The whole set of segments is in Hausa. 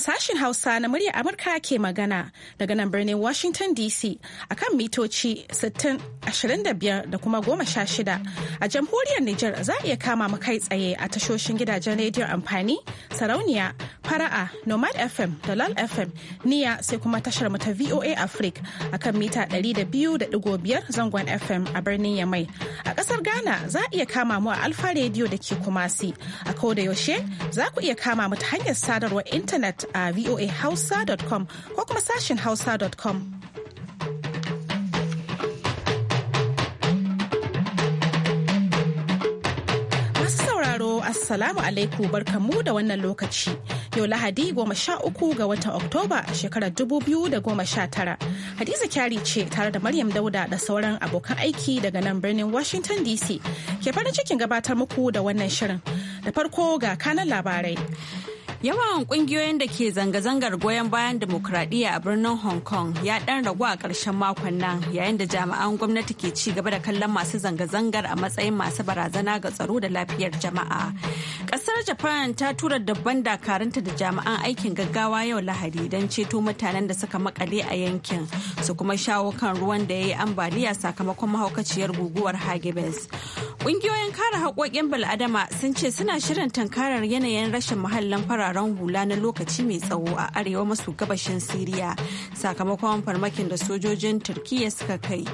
Sashin Hausa na murya Amurka ke magana daga nan birnin Washington DC a kan mitoci 625 da kuma 16. A jamhuriyar Nijar za a iya kama mu kai tsaye a tashoshin gidajen rediyon amfani, sarauniya, fara'a, Nomad FM da LOL FM, niya sai kuma tashar mu ta VOA Africa a kan mita 200.5 zangon FM a birnin Yamai. A ƙasar Ghana za a iya kama mu a Alfa rediyo da ke Kumasi. A koda yaushe za ku iya kama mu ta hanyar sadarwar intanet a voahausa.com ko kuma sashen hausa.com. sauraro assalamu alaikum barkamu da wannan lokaci yau lahadi goma sha uku ga watan oktoba shekarar dubu biyu da goma sha tara hadiza kyari ce tare da maryam dauda da sauran abokan aiki daga nan birnin washington dc ke farin cikin gabatar muku da wannan shirin da farko ga kanan labarai Yawan kungiyoyin da ke zanga-zangar goyon bayan demokradiyya a birnin Hong Kong ya ɗan ragu a ƙarshen makon nan yayin da jami'an gwamnati ke ci gaba da kallon masu zanga-zangar a matsayin masu barazana ga tsaro da lafiyar jama'a. Ƙasar Japan ta tura dabban dakarunta da jami'an aikin gaggawa yau Lahadi don ceto mutanen da suka makale a yankin su kuma shawo kan ruwan da ya yi ambaliya sakamakon mahaukaciyar guguwar Hagibis. Ƙungiyoyin kare haƙoƙin bil'adama sun ce suna shirin tankarar yanayin rashin muhallin fara taron hula na lokaci mai tsawo a arewa maso gabashin Siriya sakamakon farmakin da sojojin Turkiyya suka kai.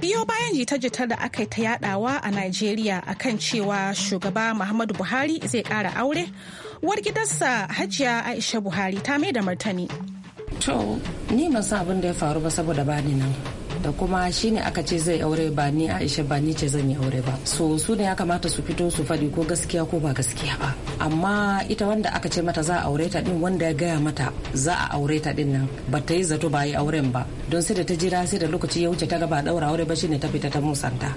biyo bayan jita-jitar da aka yi ta yadawa a Najeriya akan cewa shugaba Muhammadu Buhari zai kara aure, war gidansa Hajiya Aisha Buhari ta mai da martani. To, ni ban san abin da ya faru ba saboda bani nan. da kuma shine aka ce zai aure ba ni Aisha ba ni ce zan yi aure ba so su ne ya kamata su fito su faɗi ko gaskiya ko ba gaskiya ba amma ita wanda aka ce mata za a aure ta din wanda ya gaya mata za a aure ta din nan ba ta yi zato ba yi auren ba don sai da ta jira sai da lokaci ya wuce ta gaba daura aure ba shine ta fita ta musanta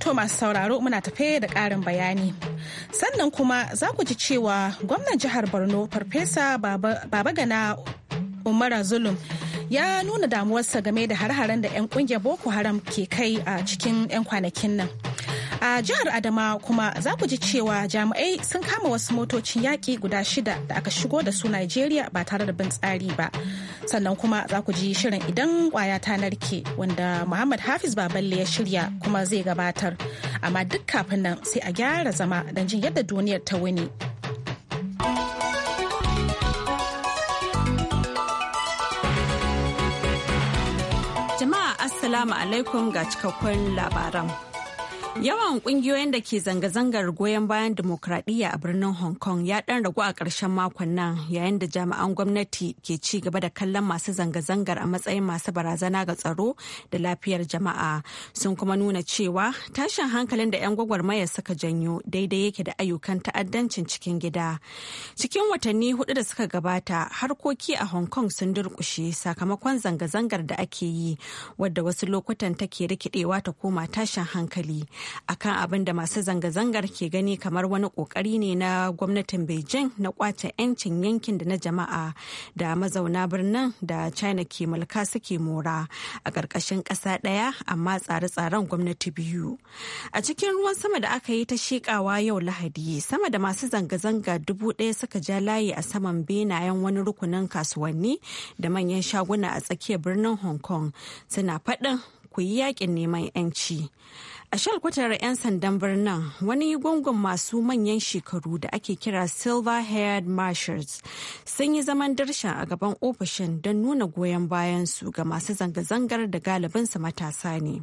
To masu sauraro muna tafe da ƙarin bayani. Sannan kuma za ku ji cewa gwamnan jihar Borno Farfesa Baba Gana Umara Zulum ya nuna damuwarsa game da har-haren da 'yan kungiyar boko haram ke kai a cikin 'yan kwanakin nan a jihar adama kuma za ku ji cewa jami'ai sun kama wasu motocin yaƙi guda shida da aka shigo da su nigeria ba tare da bin tsari ba sannan kuma za ku ji shirin idan kwaya ta narke wanda muhammad hafiz baballe ya shirya kuma zai gabatar amma duk kafin nan sai a gyara zama don jin yadda duniyar ta wuni Assalamu alaikum ga cikakkun labaran. Yawan kungiyoyin da ke zanga-zangar goyon bayan demokradiyya a birnin Hong Kong ya ɗan ragu a ƙarshen makon nan yayin da jami'an gwamnati ke ci gaba da kallon masu zanga-zangar a matsayin masu barazana ga tsaro da lafiyar jama'a sun kuma nuna cewa tashin hankalin da 'yan gwagwarmaya suka janyo daidai yake da ayyukan ta'addancin cikin gida. Cikin watanni hudu da suka gabata harkoki a Hong Kong sun durƙushe sakamakon zanga-zangar da ake yi wadda wasu lokutan take rikidewa ta koma tashin hankali. akan abin da masu zanga-zangar ke gani kamar wani kokari ne na gwamnatin beijing na kwace 'yancin yankin da na jama'a da mazauna birnin da china ke mulka suke mora a ƙarƙashin ƙasa ɗaya amma tsare-tsaren gwamnati biyu a cikin ruwan sama da aka yi ta shekawa yau lahadi sama da masu zanga-zanga dubu ɗaya suka ja layi a saman benayen wani rukunin kasuwanni da manyan shaguna a tsakiyar birnin hong kong suna faɗin ku yi yakin neman 'yanci A shalkwatar 'yan sandan birnin wani gungun masu manyan shekaru da ake kira Silver Haired Marshals sun yi zaman darsha a gaban ofishin don nuna goyon bayansu ga masu zanga-zangar da galibinsu matasa ne.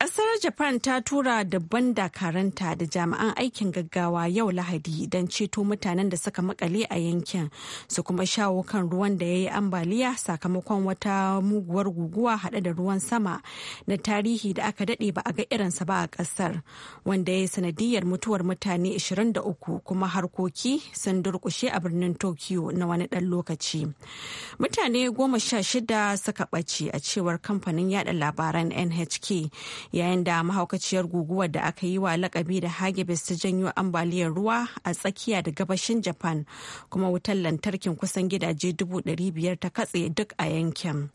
Kasar Japan ta tura dabban dakaranta da jami'an aikin gaggawa yau Lahadi don ceto mutanen da suka makale a yankin su kuma shawo kan ruwan da ya yi ambaliya sakamakon wata muguwar guguwa hade da ruwan sama na tarihi da aka dade ba a ga irinsa ba a kasar wanda ya yi sanadiyar mutuwar mutane 23 kuma harkoki sun durkushe a birnin Tokyo na wani dan lokaci. Mutane goma sha shida suka ɓace a cewar kamfanin yada labaran NHK. yayin da mahaukaciyar guguwar da aka yi wa lakabi da hagibis ta janyo ambaliyar ruwa a tsakiya da gabashin japan kuma wutar lantarkin kusan gidaje 500 ta katse duk a yankin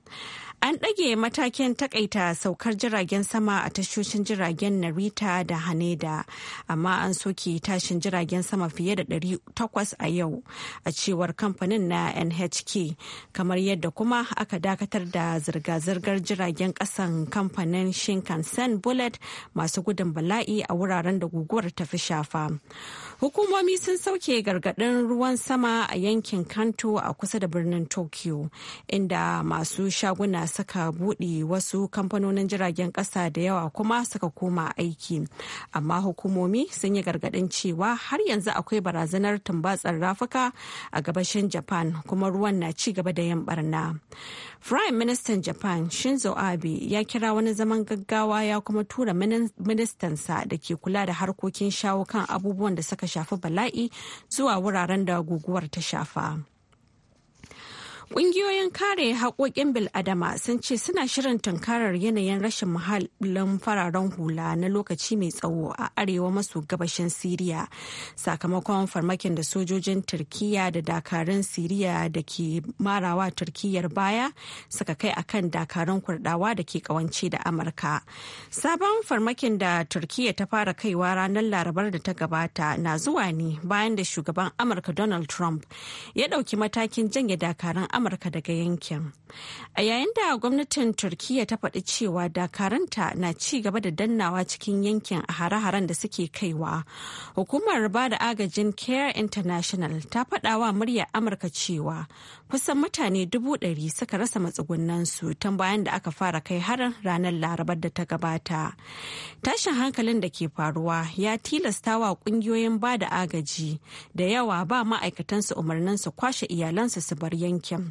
An ɗage matakin takaita saukar jiragen sama a tashoshin jiragen Narita da Haneda, amma an soke tashin jiragen sama fiye da 800 a yau, a cewar kamfanin na NHK, kamar yadda kuma aka dakatar da zirga-zirgar jiragen ƙasan kamfanin Shinkansen Bullet masu gudun bala'i a wuraren da guguwar ta fi shafa. Hukumomi sun sauke gargadin ruwan sama a yankin Kanto a kusa da birnin Tokyo, inda masu shaguna suka buɗe wasu kamfanonin jiragen ƙasa da yawa kuma suka koma aiki. Amma hukumomi sun yi gargadin cewa har yanzu akwai barazanar tumbatsar rafuka a gabashin Japan kuma ruwan na ci gaba da yin barna. Prime minister Japan Shinzo Abe ya kira wani zaman gaggawa ya kuma tura ministansa da ke kula da harkokin shawo kan abubuwan da suka shafi bala'i zuwa wuraren da guguwar ta shafa. Ƙungiyoyin kare haƙoƙin bil'adama sun ce suna shirin tunkarar yanayin rashin muhallin fararen hula na lokaci mai tsawo a arewa maso gabashin Siriya sakamakon farmakin da sojojin Turkiyya da dakarun Siriya da ke marawa Turkiyyar baya suka kai akan dakarun kurdawa da ke kawance da Amurka. Sabon farmakin da Turkiyya ta fara kaiwa ranar Larabar da ta gabata na zuwa ne bayan da shugaban Amurka Donald Trump ya ɗauki matakin janye dakarun amurka daga yankin a yayin da gwamnatin turkiyya ta faɗi cewa dakaranta na ci gaba da dannawa cikin yankin a hare-haren da suke kaiwa hukumar ba da agajin care international ta faɗa wa muryar amurka cewa kusan mutane dubu ɗari suka rasa matsugunansu tun bayan da aka fara kai harin ranar larabar da ta gabata tashin hankalin da ke faruwa ya tilasta wa ƙungiyoyin ba da agaji da yawa ba ma'aikatansu umarnin su kwashe iyalansu su bar yankin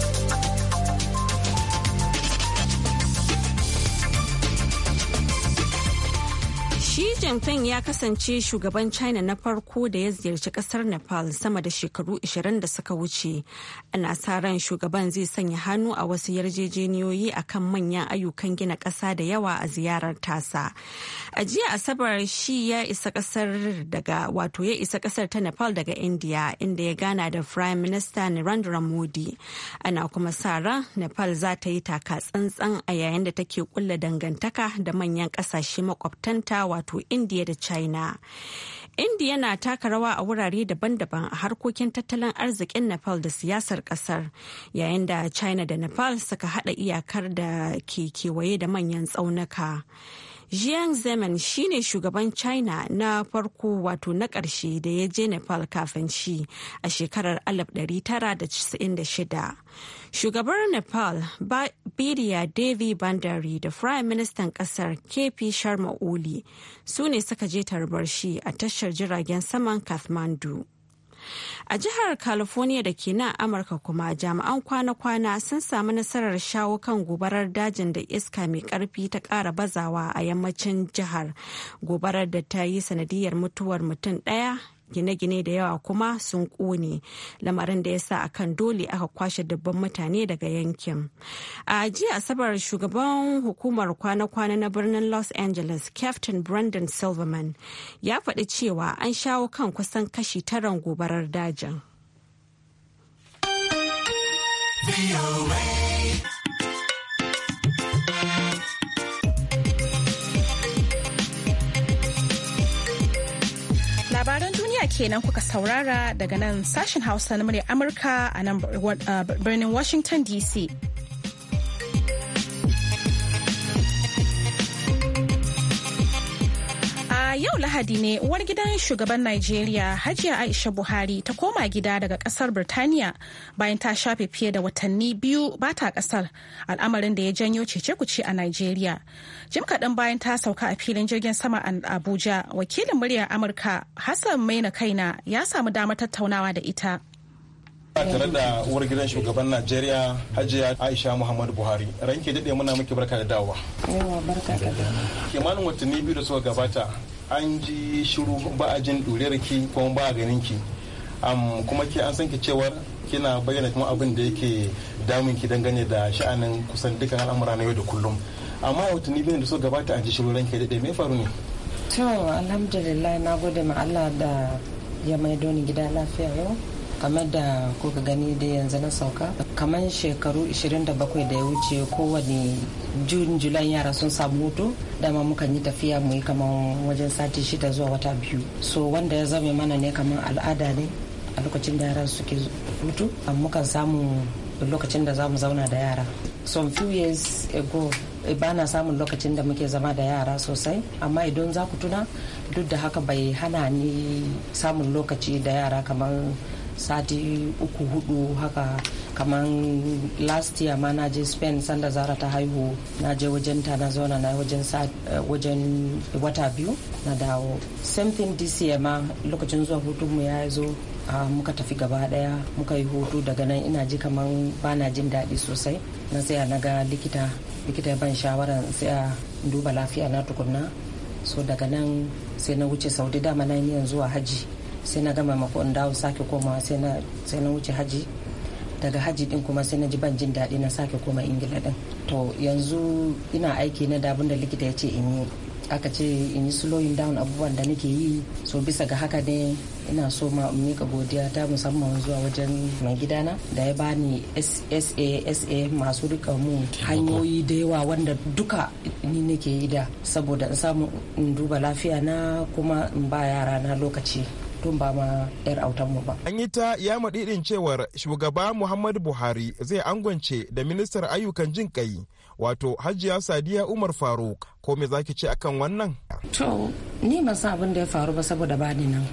Jinping ya kasance shugaban China na farko da ya ziyarci kasar Nepal sama da shekaru 20 da suka wuce. Ana sa ran shugaban zai sanya hannu a wasu yarjejeniyoyi a kan manyan ayyukan gina ƙasa da yawa a ziyarar tasa. A jiya Asabar shi ya isa kasar daga wato ya isa kasar ta Nepal daga India inda ya gana da Prime Minister Narendra Modi. Ana kuma sa ran Nepal za ta yi taka tsantsan a yayin da take kulla dangantaka da manyan ƙasashe makwabtanta wato India da China. India na taka rawa a wurare daban-daban a harkokin tattalin arzikin Nepal da siyasar kasar, yayin da China da Nepal suka hada iyakar da ke kewaye da manyan tsaunuka. Jiang Zemin shine shugaban China na farko wato na ƙarshe da ya je Nepal kafin shi a shekarar 1996. Shugabar Nepal Biriya Devi Bandari da Prime minister ƙasar KP Sharma Oli su ne suka je tarbar shi a tashar jiragen saman Kathmandu. A jihar California da ke nan Amurka kuma jami'an kwana-kwana sun samu nasarar shawo kan gobarar dajin da iska mai karfi ta ƙara bazawa a yammacin jihar. Gobarar da ta yi sanadiyar mutuwar mutum ɗaya gine-gine da yawa kuma sun ƙone lamarin da ya sa a kan dole aka kwashe dubban mutane daga yankin a jiya asabar shugaban hukumar kwana-kwana na birnin los angeles captain brandon silverman ya faɗi cewa an shawo kan kusan kashi taran gobarar dajin labaran duniya kenan kuka saurara daga nan sashen hausa na muryar amurka a nan uh, birnin washington dc A yau Lahadi ne uwar gidan shugaban Najeriya Hajiya Aisha Buhari ta koma gida daga kasar Birtaniya bayan ta shafe fiye da watanni biyu ba ta kasar al'amarin da ya janyo cece-kuce a Najeriya. Jim kaɗan bayan ta sauka a filin jirgin sama a Abuja, wakilin muryar Amurka Hassan Maina Kaina ya samu damar tattaunawa da ita. a tare da uwar gidan shugaban najeriya hajiya aisha muhammadu buhari ranke daɗe muna muke barka da dawowa kimanin watanni biyu da suka gabata an ji shiru ba a jin ɗuriyar ki kuma ba a ganin ki kuma ke an san ki cewar kina bayyana kuma abin da yake damun ki dangane da sha'anin kusan dukkan al'amura na yau da kullum amma yau tuni biyu da suka gabata an ji shiru ranke daɗe me faru ne to alhamdulillah na gode ma Allah da ya maido ni gida lafiya yau kamar da kuka gani da yanzu na sauka kamar shekaru 27 da ya wuce kowane june july yara sun samu hutu dama mukan yi tafiya mu yi kamar wajen sati shida zuwa wata biyu so wanda ya zame mana ne kamar al'ada ne a lokacin da yaran suke hutu mukan samu lokacin da za mu zauna da yara some few years ago eh, ba na samun lokacin da muke zama da yara sosai amma idan za ku tuna duk da haka bai hana ni samun lokaci da yara kamar sati uku hudu haka kamar last year ma na je spain sanda zara ta haihu na je wajen ta na zauna na eh, wajen wata biyu na dawo same thing this year ma lokacin zuwa hutunmu ya zo Uh, muka tafi gaba daya muka yi hutu daga nan ina ji kaman bana jin daɗi sosai na sai a naga likita likita ya ban shawara a duba lafiya na tukunna so daga nan sai na wuce saudi dama na yanzu a haji sai na gama mako in dawo sake komawa sai na wuce haji daga haji din kuma sai na ji ban jin daɗi na sake koma ingila din to yanzu ina aiki na dabun da likita ya ce in yi aka ce in yi slowing down abubuwan da nake yi so bisa ga haka ne ina so ma in mika godiya ta musamman zuwa wajen mai gidana da ya bani SASA masu rika mu hanyoyi da yawa wanda duka ni nake yi da saboda in samu in duba lafiya na kuma in ba yara na lokaci tun ba ma 'yar mu ba. An yi ta ya maɗiɗin cewar shugaba Muhammadu Buhari zai angwance da ministar ayyukan jin kai wato Hajiya Sadiya Umar Faruk. Ko me zaki ce akan wannan? To, ni ban san abin da ya faru ba saboda ba ni nan.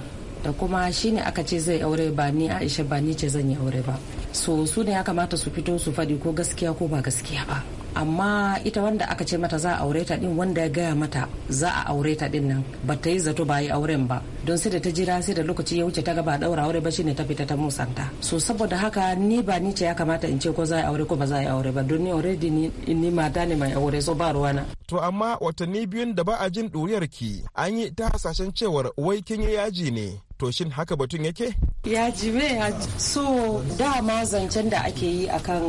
da kuma shi ne aka ce zai aure ba ni aisha ba ni ce zan yi aure ba so su ne ya kamata su fito su faɗi ko gaskiya ko ba gaskiya ba amma ita wanda aka ce mata za a aure ta din wanda ya gaya mata za a aure ta din nan ba ta yi zato ba yi auren ba don sai da ta jira sai da lokaci ya wuce ta gaba ba daura aure ba shine ta fita ta musanta so saboda haka ni ba ni ce ya kamata in ce ko za a aure ko ba za a aure ba don ni already ni, ni mata ne mai aure so ba ruwa na. to amma watanni biyun da ba a jin duriyar ki an yi ta hasashen cewar wai kin yi yaji ne to shin haka batun yake ya jibe ya so dama zancen da ake yi akan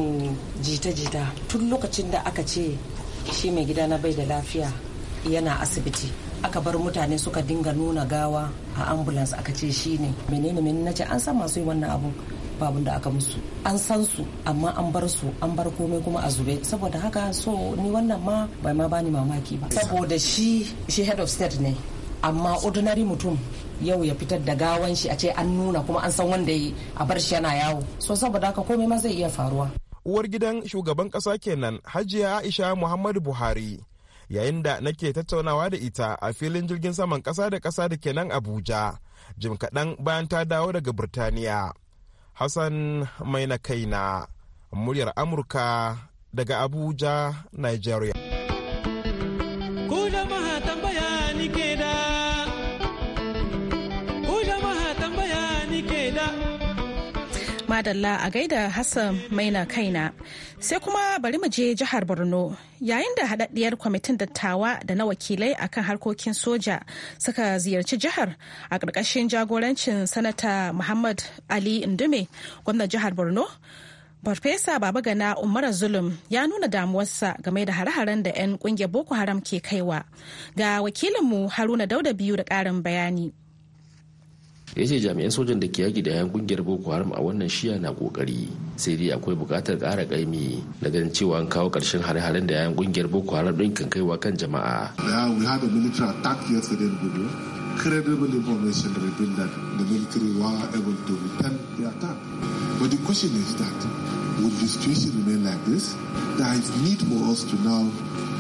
jita-jita tun lokacin da aka ce shi mai gida na bai da lafiya yana asibiti aka bar mutane suka dinga nuna gawa a ambulance aka ce shi ne menene menene na ce an san masu yi wannan abu babun da aka musu an san su amma an bar su an bar komai kuma a zube saboda haka so ni wannan ma bai ma bani mamaki ba saboda shi shi head of state ne amma ordinary mutum yau ya fitar da gawan shi a ce an nuna kuma an san wanda ya a bar shi yana yawo so saboda haka komai ma zai iya faruwa uwar gidan shugaban kasa kenan hajiya aisha muhammadu buhari yayin da nake tattaunawa da ita a filin jirgin saman ƙasa da ƙasa da ke nan abuja jim kaɗan bayan ta dawo daga birtaniya hassan mai na kaina muryar amurka daga abuja nigeria Madalla a gaida Hassan Maina kaina. Sai kuma bari mu je jihar Borno yayin da hadaddiyar kwamitin dattawa da na wakilai akan harkokin soja suka ziyarci jihar a ƙarƙashin jagorancin sanata Muhammad Ali Indume gwamnan jihar Borno. Farfesa Babagana umara Zulum ya nuna damuwarsa game da hare-haren da 'yan ƙungiyar Boko Haram ke kaiwa. Ga wakilinmu Haruna Dauda biyu da ƙarin bayani. ya ce jami'an sojan da ke yaki da yan kungiyar boko haram a wannan shiya na kokari sai dai akwai buƙatar ƙara ƙaimi na ganin cewa an kawo ƙarshen hare-haren da yan kungiyar boko haram din kan kaiwa kan jama'a. we had a military attack yesterday in Gudu. Credible information revealed that the military were able to return the attack. But the question is that would the situation remain like this? There is need for us to now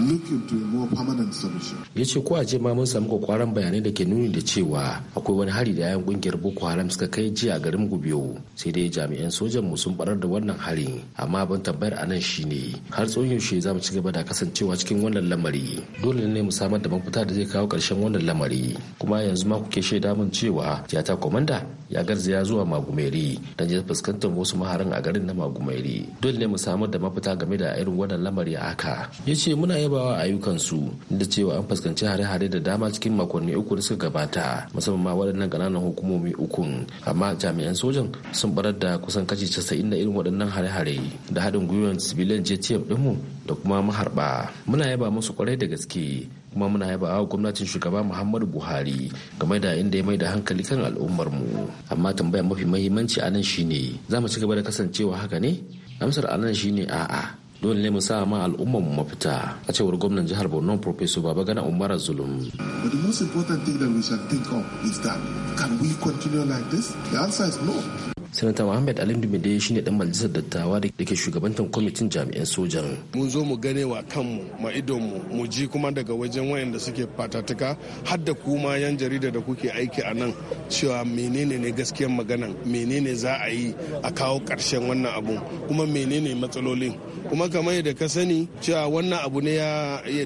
yace Ya ce ko a je ma mun samu kwakwaran bayanai da ke nuni da cewa akwai wani hari da yayan kungiyar Boko Haram suka kai jiya garin Gubiyo sai dai jami'an sojan mu sun barar da wannan hari amma ban tambayar a nan shi ne har tsawon yaushe za mu ci gaba da kasancewa cikin wannan lamari dole ne mu samar da mafita da zai kawo karshen wannan lamari kuma yanzu ma kuke shaida mun cewa jata komanda ya garzaya zuwa Magumeri don ya fuskantar wasu maharan a garin na Magumeri dole ne mu samar da mafita game da irin wannan lamari a haka yace muna yin yaba ayyukansu da cewa an fuskanci hare-hare da dama cikin makonni uku da suka gabata musamman ma waɗannan ƙananan hukumomi ukun amma jami'an sojan sun barar da kusan kashi casa'in da irin waɗannan hare-hare da haɗin gwiwar civilian jtf ɗinmu da kuma maharba muna yaba musu kwarai da gaske kuma muna yaba wa gwamnatin shugaba muhammadu buhari game da inda ya mai da hankali kan al'ummarmu amma tambaya mafi mahimmanci a nan shine za mu ci gaba da kasancewa haka ne amsar a nan shine a'a dole ne mu sa ma al'ummar mu mafita a cewar gwamnan jihar Borno Professor Babagana Umar Zulum. But the most important thing that we should think of is that can we continue like this? The answer is no. sanata muhammad alim dumide shi ne dan majalisar dattawa da ke shugabantar kwamitin jami'an sojan mun zo mu gane wa kanmu ma idonmu mu ji kuma daga wajen wayanda suke fatatuka har da kuma yan jarida da kuke aiki a nan cewa menene ne gaskiyar maganan menene za a yi a kawo karshen wannan abu kuma menene matsalolin kuma kamar yadda ka sani cewa wannan abu ne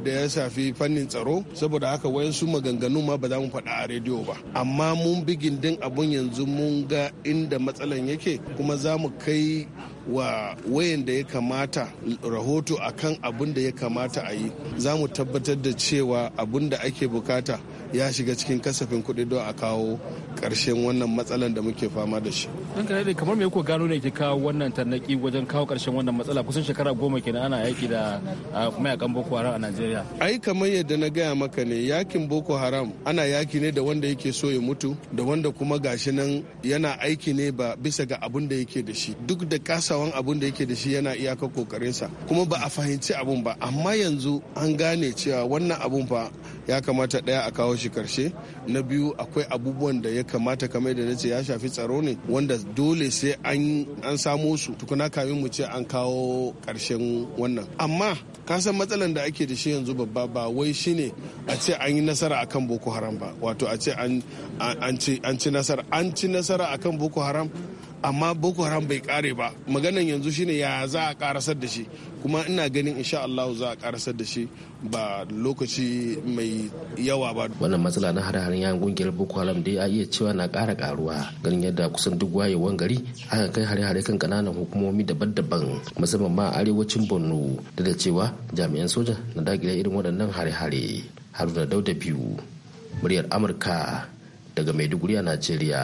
da ya shafi fannin tsaro saboda haka wayansu maganganu ma ba za mu faɗa a rediyo ba amma mun bi gindin abun yanzu mun ga inda matsalan hakan yake kuma za mu kai wa wayan da ya kamata rahoto akan abin da ya kamata a yi za mu tabbatar da cewa abin da ake bukata ya shiga cikin kasafin kuɗi don a kawo ƙarshen wannan matsalan da muke fama da shi. Dan kare kamar me kuka gano ne ke kawo wannan tarnaki wajen kawo ƙarshen wannan matsala kusan shekara goma kenan ana yaki da mayakan Boko Haram a Najeriya. Ai kamar yadda na gaya maka ne yakin Boko Haram ana yaki ne da wanda yake so ya mutu da wanda kuma gashi nan yana aiki ne ba bisa ga abun da yake da shi duk da kasawan abun da yake da shi yana iyakar kokarinsa kuma ba a fahimci abun ba amma yanzu an gane cewa wannan abun fa ya kamata daya a kawo shi shi karshe na biyu akwai abubuwan da ya kamata kamar da na ce ya shafi tsaro ne wanda dole sai an samo su tukuna kamin mu ce an kawo karshen wannan amma ka san matsalan da ake da shi yanzu babba ba wai shine a ce an yi nasara akan boko haram ba wato a ce an ci nasara akan boko haram amma boko haram bai kare ba maganan yanzu shine ya za a karasar da shi kuma ina ganin insha Allah za a karasar da shi ba lokaci mai yawa ba wannan matsala na hare-haren yan kungiyar boko haram dai a iya cewa na kara karuwa ganin yadda kusan duk wayewan gari aka kai hare-hare kan kananan hukumomi daban-daban musamman ma arewacin borno da da cewa jami'an soja na dakile irin waɗannan hare-hare haruna dauda biyu muryar amurka daga maiduguri a najeriya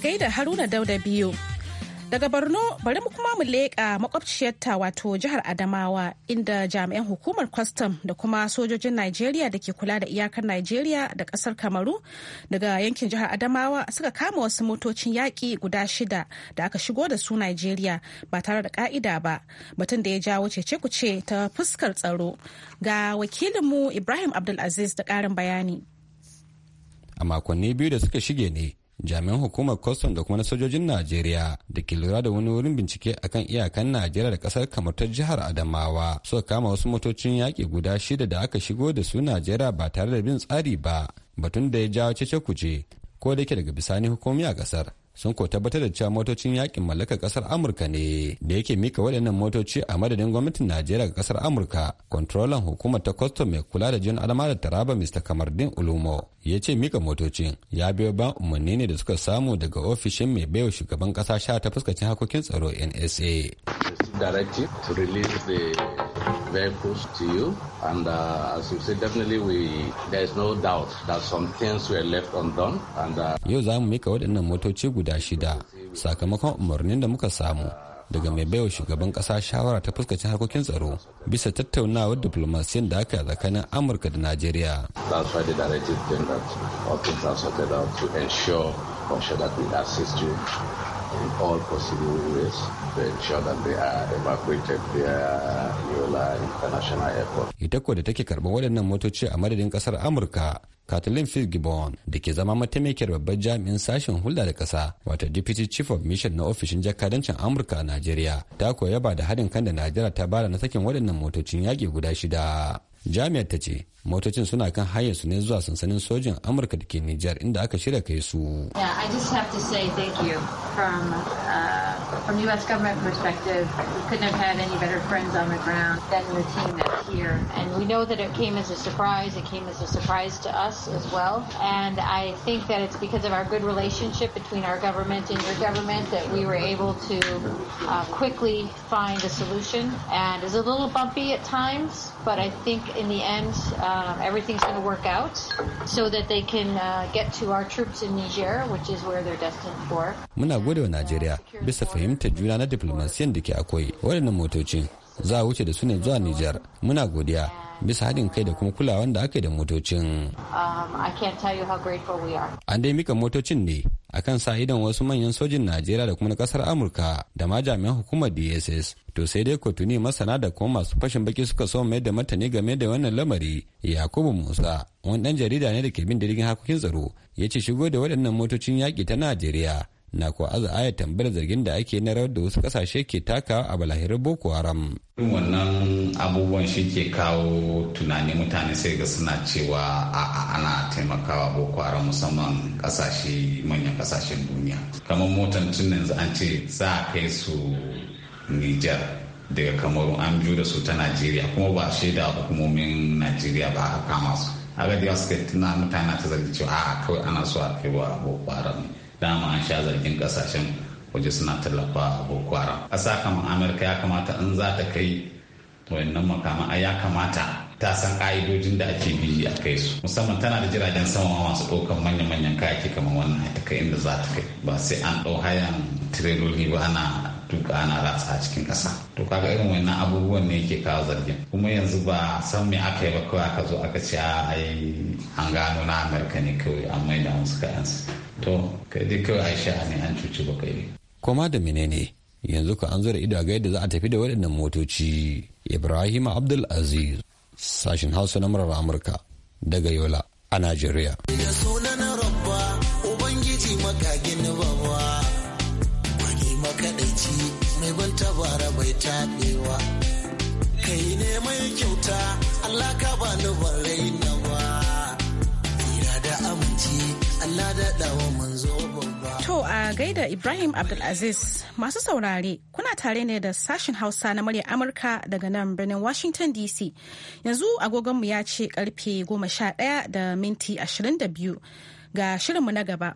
gaida Haruna Dauda biyu. Daga Borno bari mu kuma mu leƙa makwabciyarta wato jihar Adamawa inda jami'an hukumar kwastam da kuma sojojin Najeriya da ke kula da iyakar Najeriya da ƙasar Kamaru daga yankin jihar Adamawa suka kama wasu motocin yaƙi guda shida da aka shigo da su Najeriya ba tare da ƙa'ida ba batun da ya jawo cece kuce ta fuskar tsaro. Ga wakilinmu Ibrahim Abdulaziz da ƙarin bayani. A makonni biyu da suka shige ne jami'an hukumar kwastam da kuma na sojojin najeriya da ke lura da wani wurin bincike akan iyakan najeriya da kasar kamar ta jihar adamawa suka kama wasu motocin yaƙi guda shida da aka shigo da su najeriya ba tare da bin tsari ba batun da ya jawo cece kuce ko da yake daga bisani hukumi a kasar sun ko tabbatar da cewa motocin yakin mallakar kasar amurka ne da yake mika waɗannan motoci a madadin gwamnatin najeriya ga kasar amurka kontrolan hukumar ta kwastom mai kula da jin adama da taraba mr kamardin ulumo ya ce mika motocin ya biyo ban umarni ne da suka samu daga ofishin mai baiwa shugaban kasa sha ta fuskacin harkokin tsaro nsa close to you. And uh, as you say, definitely we, there is no doubt that some things were left undone. And, uh, Yau za mu mika waɗannan motoci guda shida sakamakon umarnin da muka samu daga mai baiwa shugaban ƙasa shawara ta fuskacin harkokin tsaro bisa tattaunawar diplomasiyan da aka tsakanin Amurka da Najeriya. That's why the in all possible ways to ensure that they are evacuated via Yola International Airport. Ita ko da take karɓar waɗannan motoci a madadin ƙasar Amurka, Kathleen Fitzgibbon da ke zama mataimakiyar babbar jami'in sashen hulɗa da ƙasa wato Deputy Chief of Mission na ofishin jakadancin Amurka a Najeriya ta koya ba da haɗin kan da Najeriya ta bada na sakin waɗannan motocin yaƙi guda shida. jami'ar ta ce motocin suna kan hanyar su ne zuwa sansanin sojin amurka da ke nijar inda aka shirya kai su from U.S. government perspective, we couldn't have had any better friends on the ground than the team that's here. And we know that it came as a surprise. It came as a surprise to us as well. And I think that it's because of our good relationship between our government and your government that we were able to uh, quickly find a solution. And it's a little bumpy at times, but I think in the end, uh, everything's going to work out so that they can uh, get to our troops in Niger, which is where they're destined for. fahimtar juna na diplomasiyan da ke akwai waɗannan motocin za a wuce da su ne zuwa Nijar muna godiya bisa haɗin kai da kuma kulawan da aka yi da motocin. Um, An dai mika motocin ne akan sa idan wasu manyan sojin Najeriya da kuma na kasar Amurka da ma jami'an hukumar DSS. To sai dai kotuni masana da kuma masu fashin baki suka so mai da martani game da wannan lamari. Yakubu Musa, wani ɗan jarida ne da ke bin diddigin harkokin tsaro, ya ce shigo da waɗannan motocin yaƙi ta Najeriya. na kuwa aza aya tambayar zargin da ake na da wasu kasashe ke taka a balahirar boko haram wannan abubuwan shi ke kawo tunani mutane sai ga suna cewa ana taimakawa boko haram musamman kasashe manyan kasashen duniya kamar motan tun yanzu an ce za a kai su Nijar? daga kamaru an biyu da su ta najeriya kuma ba shaida hukumomin najeriya ba aka kama su aga wasu suka tuna mutane ta zargi cewa a kawai ana so a kai wa boko haram dama an sha zargin kasashen waje suna tallafa a boko haram ƙasa kamar amurka ya kamata in za ta kai wayannan makaman ya kamata ta san ƙa'idojin da ake bi a kai su musamman tana da jiragen sama masu ɗaukar manya-manyan kayaki kamar wannan ta kai inda za ta kai ba sai an ɗau hayan tireloli ba ana duka ana ratsa a cikin ƙasa to kaga irin wannan abubuwan ne yake kawo zargin kuma yanzu ba san me aka yi ba kawai aka zo aka ce ai an gano na amurka ne kawai an maida musu kayansu to kai dai kawai aisha ne an cuci ba kai koma da menene yanzu ka an zura ido ga yadda za a tafi da waɗannan motoci ibrahim abdul aziz sashin hausa na murar amurka daga yola a najeriya da sunan rabba ubangiji makagin babba wani mai ban tabara bai taɓewa kai ne mai kyauta allah ka bani ban rainawa ira da aminci allah da ɗawa da Ibrahim Abdulaziz masu saurare kuna tare ne da sashen Hausa na murya Amurka daga nan birnin Washington DC. Yanzu agogonmu ya ce karfe 11 da minti 22 ga shirinmu na gaba.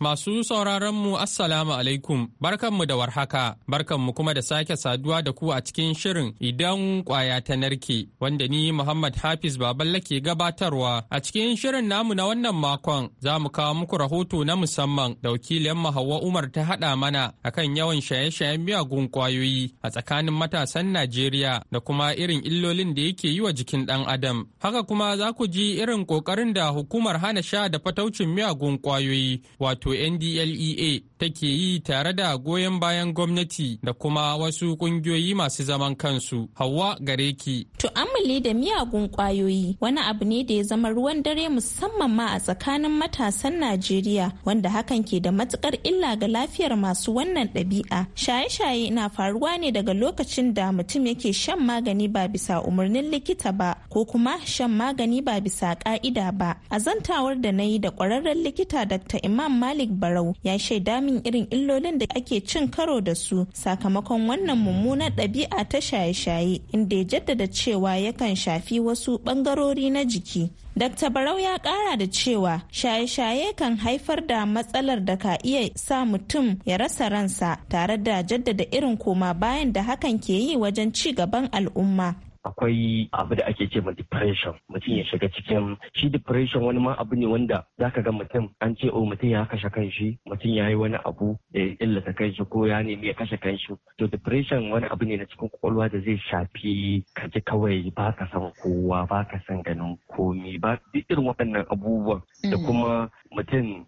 Masu sauraronmu Assalamu alaikum, barkanmu da warhaka, barkanmu kuma da sake saduwa da ku a cikin shirin idan kwaya ta narke, wanda ni Muhammad Hafiz Baballa ke gabatarwa. A cikin shirin namu na wannan makon za mu kawo muku rahoto na musamman da wakilin Hauwa Umar ta haɗa mana akan yawan shaye-shayen miyagun kwayoyi a tsakanin matasan Najeriya da kuma irin illolin da yake yi wa jikin ɗan adam. Haka kuma za ku ji irin ƙoƙarin da hukumar hana sha da fataucin miyagun kwayoyi wato wato ndlea take yi tare da goyon bayan gwamnati da kuma wasu kungiyoyi masu zaman kansu hawa gare ki amule da miyagun kwayoyi wani abu ne da ya zama ruwan dare musamman ma a tsakanin matasan najeriya wanda hakan ke da matukar illa ga lafiyar masu wannan ɗabi'a shaye-shaye na faruwa ne daga lokacin da mutum yake shan magani ba bisa umarnin likita ba ko kuma shan magani ba bisa ka'ida ba a zantawar da na yi da kwararren likita dr imam Malik Barau ya shaida min irin illolin da ake cin karo da su sakamakon wannan mummunar ɗabi'a ta shaye-shaye inda ya jaddada cewa yakan shafi wasu ɓangarori na jiki. Dr. Barau ya ƙara da cewa shaye-shaye kan haifar da matsalar da ka iya sa mutum ya rasa ransa tare da jaddada irin koma bayan da hakan ke yi wajen ci gaban al'umma. akwai abu da ake ce ma depression mutum ya shiga cikin shi depression wani ma abu ne wanda zaka ga mutum an ce o oh, mutum ya kashe kanshi mutum ya yi wani abu da ya illata kanshi ko ya nemi ya kashe kanshi to depression wani abu ne na cikin kwakwalwa da zai shafi ka ji kawai ba ka san kowa ba ka san ganin komi ba duk irin waɗannan abubuwan da mm. kuma mutum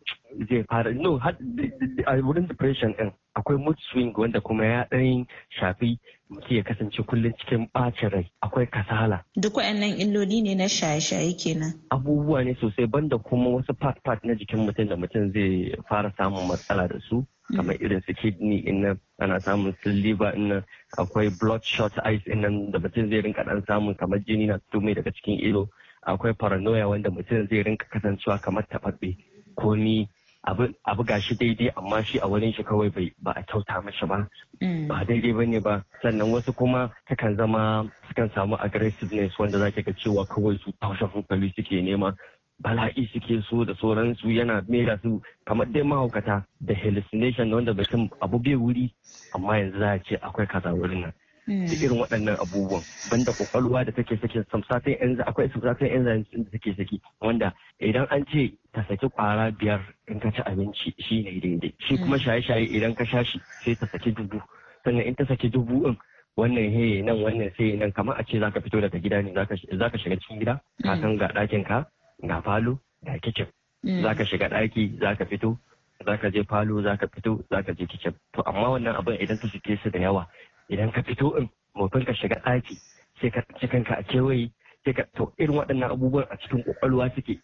zai fara no a wurin depression din akwai mood swing wanda kuma ya ɗan shafi mutum ya kasance kullum cikin ɓacin rai akwai kasala duk waɗannan illoli ne na shaye-shaye kenan abubuwa ne sosai banda kuma wasu part-part na jikin mutum da mutum zai fara samun matsala da su kamar mm. irin su kidney innan ana samun su liver innan akwai bloodshot eyes innan da mutum zai rinka ɗan samun kamar jini na tumai daga cikin ido akwai paranoia wanda mutum zai rinka kasancewa kamar ko ni. abu ga shi daidai amma shi a wurin shi kawai bai ba a kyauta mashi ba mm. ba daidai ba ne ba sannan wasu kuma takan zama sukan samu aggressiveness wanda zaki ga cewa kawai su taushe hankali suke nema bala'i suke so da sauransu yana mera su kamar dai mahaukata da hallucination wanda mutum abu bai wuri amma yanzu za a ce akwai kaza wurin nan da mm. irin waɗannan abubuwan banda kwakwalwa da take sakin samsatin enzyme akwai samsatin enzyme da take saki wanda idan an ce ta saki kwara biyar in ka ci abinci shi ne daidai shi kuma mm. shaye-shaye idan ka sha shi sai ta saki dubu sannan in ta saki dubu in wannan he nan wannan sai nan kamar a ce zaka fito daga gida ne zaka shiga cikin gida ka mm. san ga ɗakin ka ga falo ga kicin zaka shiga ɗaki zaka fito zaka je falo zaka fito zaka je kicin to amma wannan abin idan ta shige su da yawa idan ka fito um, in mafin ka shiga ɗaki sai ka kanka a kewaye sai ka to irin waɗannan abubuwan a cikin ƙwaƙwalwa suke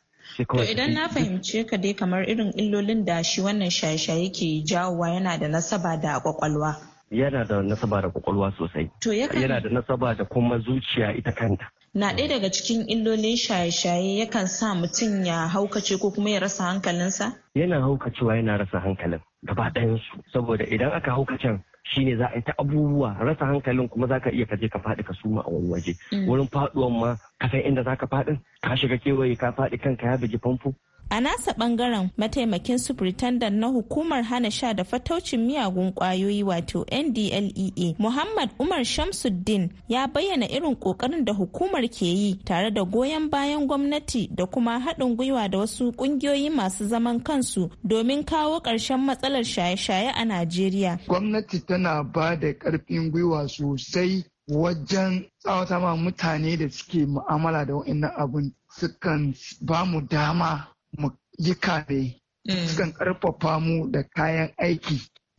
To idan na fahimce ka dai kamar irin illolin da shi wannan shaye-shaye ke jawowa yana da nasaba da kwakwalwa. Yana da nasaba da kwakwalwa sosai. To yana da nasaba da kuma zuciya ita kanta. Na ɗaya daga cikin illolin shaye-shaye yakan sa mutum ya haukace ko kuma ya rasa hankalinsa? Yana haukacewa yana rasa hankalin. gaba ɗayansu saboda idan aka hau kacan shi ne za a yi ta abubuwa rasa hankalin kuma za ka iya kaje ka faɗi ka suma a wani waje mm. wurin faɗuwan ma kasan inda za ka faɗin ka shiga kewaye ka faɗi kanka ya bugi famfo A nasa bangaren mataimakin superintendent na hukumar hana sha da fataucin miyagun kwayoyi wato NDLEA Muhammad Umar Shamsuddin ya bayyana irin kokarin da hukumar ke yi tare da goyon bayan gwamnati da kuma haɗin gwiwa da wasu ƙungiyoyi masu zaman kansu domin kawo ƙarshen matsalar shaye-shaye a Najeriya. Gwamnati tana ba da ƙarfin gwiwa sosai wajen tsawata mutane da suke mu'amala da abun sukan ba mu dama mu yi kare. Mm. sukan karfafa mu da kayan aiki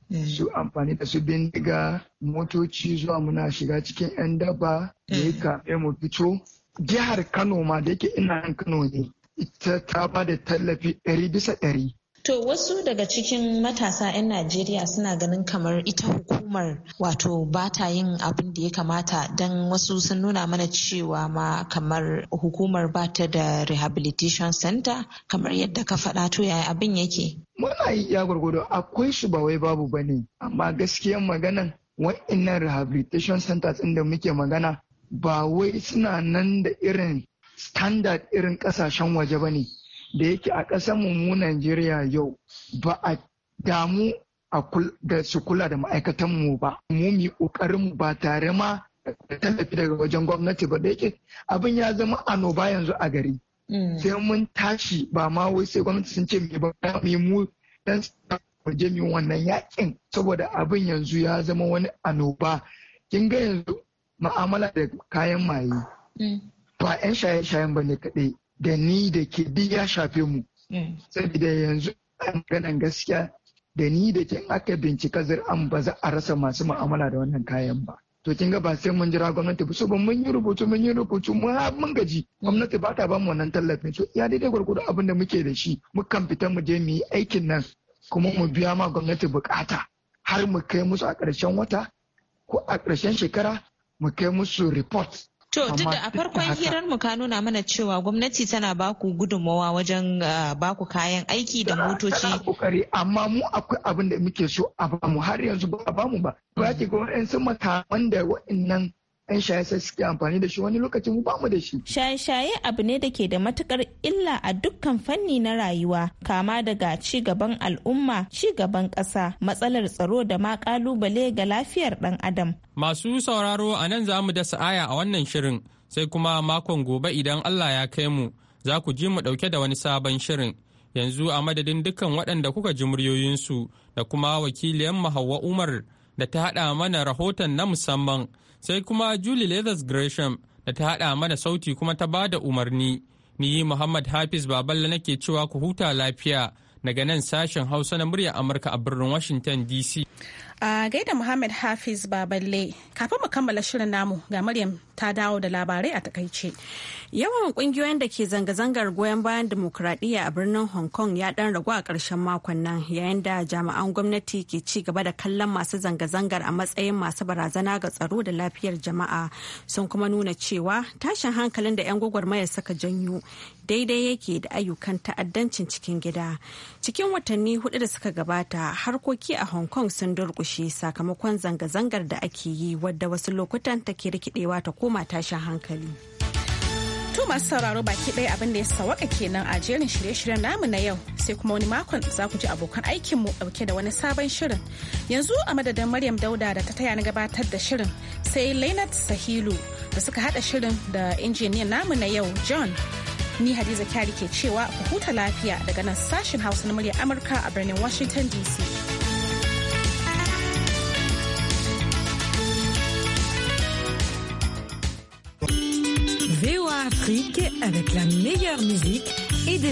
mm. su amfani da su bindiga motoci zuwa muna shiga cikin 'yan daba da ya mm. kame mu fito jihar kano ma da yake ina yan kano ne ita ta ba da tallafi ɗari bisa ɗari To wasu daga cikin matasa 'yan Najeriya suna ganin kamar ita hukumar wato ba ta yin abin da ya kamata don wasu sun nuna mana cewa ma kamar hukumar ba ta da rehabilitation center kamar yadda ka faɗa to yaya abin yake. Muna yi ya gwargwado akwai shi ba wai babu ba ne, amma gaskiyan maganan wa'innan rehabilitation centers da muke magana ba wai suna nan da irin standard irin kasashen waje ba ne da yake a ƙasar mu Najeriya yau ba a damu da su kula da ma'aikatan mu ba mu mi ƙoƙarin ba tare ma tallafi daga wajen gwamnati ba da yake abin ya zama anoba yanzu a gari mm. sai mun tashi ba ma wai sai gwamnati sun ce me ba mu dan waje mu wannan yakin saboda abin yanzu ya zama wani anoba kin ga yanzu ma'amala da kayan maye mm. ba 'yan shaye-shayen ba ne kaɗai da ni da ke duk ya shafe mu saboda yanzu maganan gaskiya da ni da ke aka bincika zir'an ba za a rasa masu mu'amala da wannan kayan ba to kin ga ba sai mun jira gwamnati ba so ban mun yi rubutu mun yi rubutu mun mun gaji gwamnati ba ta ba mu wannan tallafin so ya daidai gurgudu abin da muke da shi mukan fita mu je mu yi aikin nan kuma mu biya ma gwamnati bukata har mu kai musu a ƙarshen wata ko a ƙarshen shekara mu kai musu report To duk da a farkon hirar mu ka nuna mana cewa gwamnati tana baku gudunmawa wajen ah, baku kayan aiki da motoci. kokari amma mu akwai abin da muke so a bamu har yanzu ba a bamu ba. Ba ke ga wa'ansu makaman da wa'annan 'yan shaye-shaye suke amfani da shi wani lokacin mu bamu da shi. Shaye-shaye abu ne da ke da matukar illa a dukkan fanni na rayuwa kama daga ci gaban al'umma, ci gaban ƙasa, matsalar tsaro da ma ƙalubale ga lafiyar ɗan adam. Masu sauraro a nan za mu da sa'aya a wannan shirin sai kuma makon gobe idan Allah ya kai mu za ku ji mu ɗauke da wani sabon shirin. Yanzu a madadin dukkan waɗanda kuka ji muryoyinsu da kuma wakiliyan Hauwa Umar da ta haɗa mana rahoton na musamman. sai kuma Julie Leathers Gresham da ta haɗa mana sauti kuma ta ba da umarni. Ni Muhammad Hafiz Baballa nake cewa ku huta lafiya daga nan sashen Hausa na muryar Amurka a birnin Washington DC. A gaida Muhammad Hafiz Baballe, kafin mu kammala shirin namu ga Maryam ta dawo da labarai a takaice. Yawan kungiyoyin da ke zanga-zangar goyon bayan demokuraɗiyya a birnin Hong Kong ya ɗan ragu a ƙarshen makon nan yayin da jami'an gwamnati ke ci gaba da kallon masu zanga-zangar a matsayin masu barazana ga tsaro da lafiyar jama'a sun kuma nuna cewa tashin hankalin da 'yan gwagwarmaya suka janyo daidai yake da ayyukan ta'addancin cikin gida. Cikin watanni hudu da suka gabata harkoki a Hong Kong sun durkushe kashe sakamakon zanga-zangar da ake yi wadda wasu lokutan take rikidewa ta koma tashin hankali. To masu sauraro baki ɗaya abin da ya sawaka kenan a jerin shirye-shiryen namu na yau sai kuma wani makon za ku ji abokan aikinmu ɗauke da wani sabon shirin. Yanzu a madadin Maryam Dauda da ta taya na gabatar da shirin sai Lainat Sahilu da suka haɗa shirin da injiniyan namu na yau John. Ni Hadiza Kyari ke cewa ku huta lafiya daga nan sashen Hausa na murya Amurka a birnin Washington DC. VOA Afrique avec la meilleure musique et des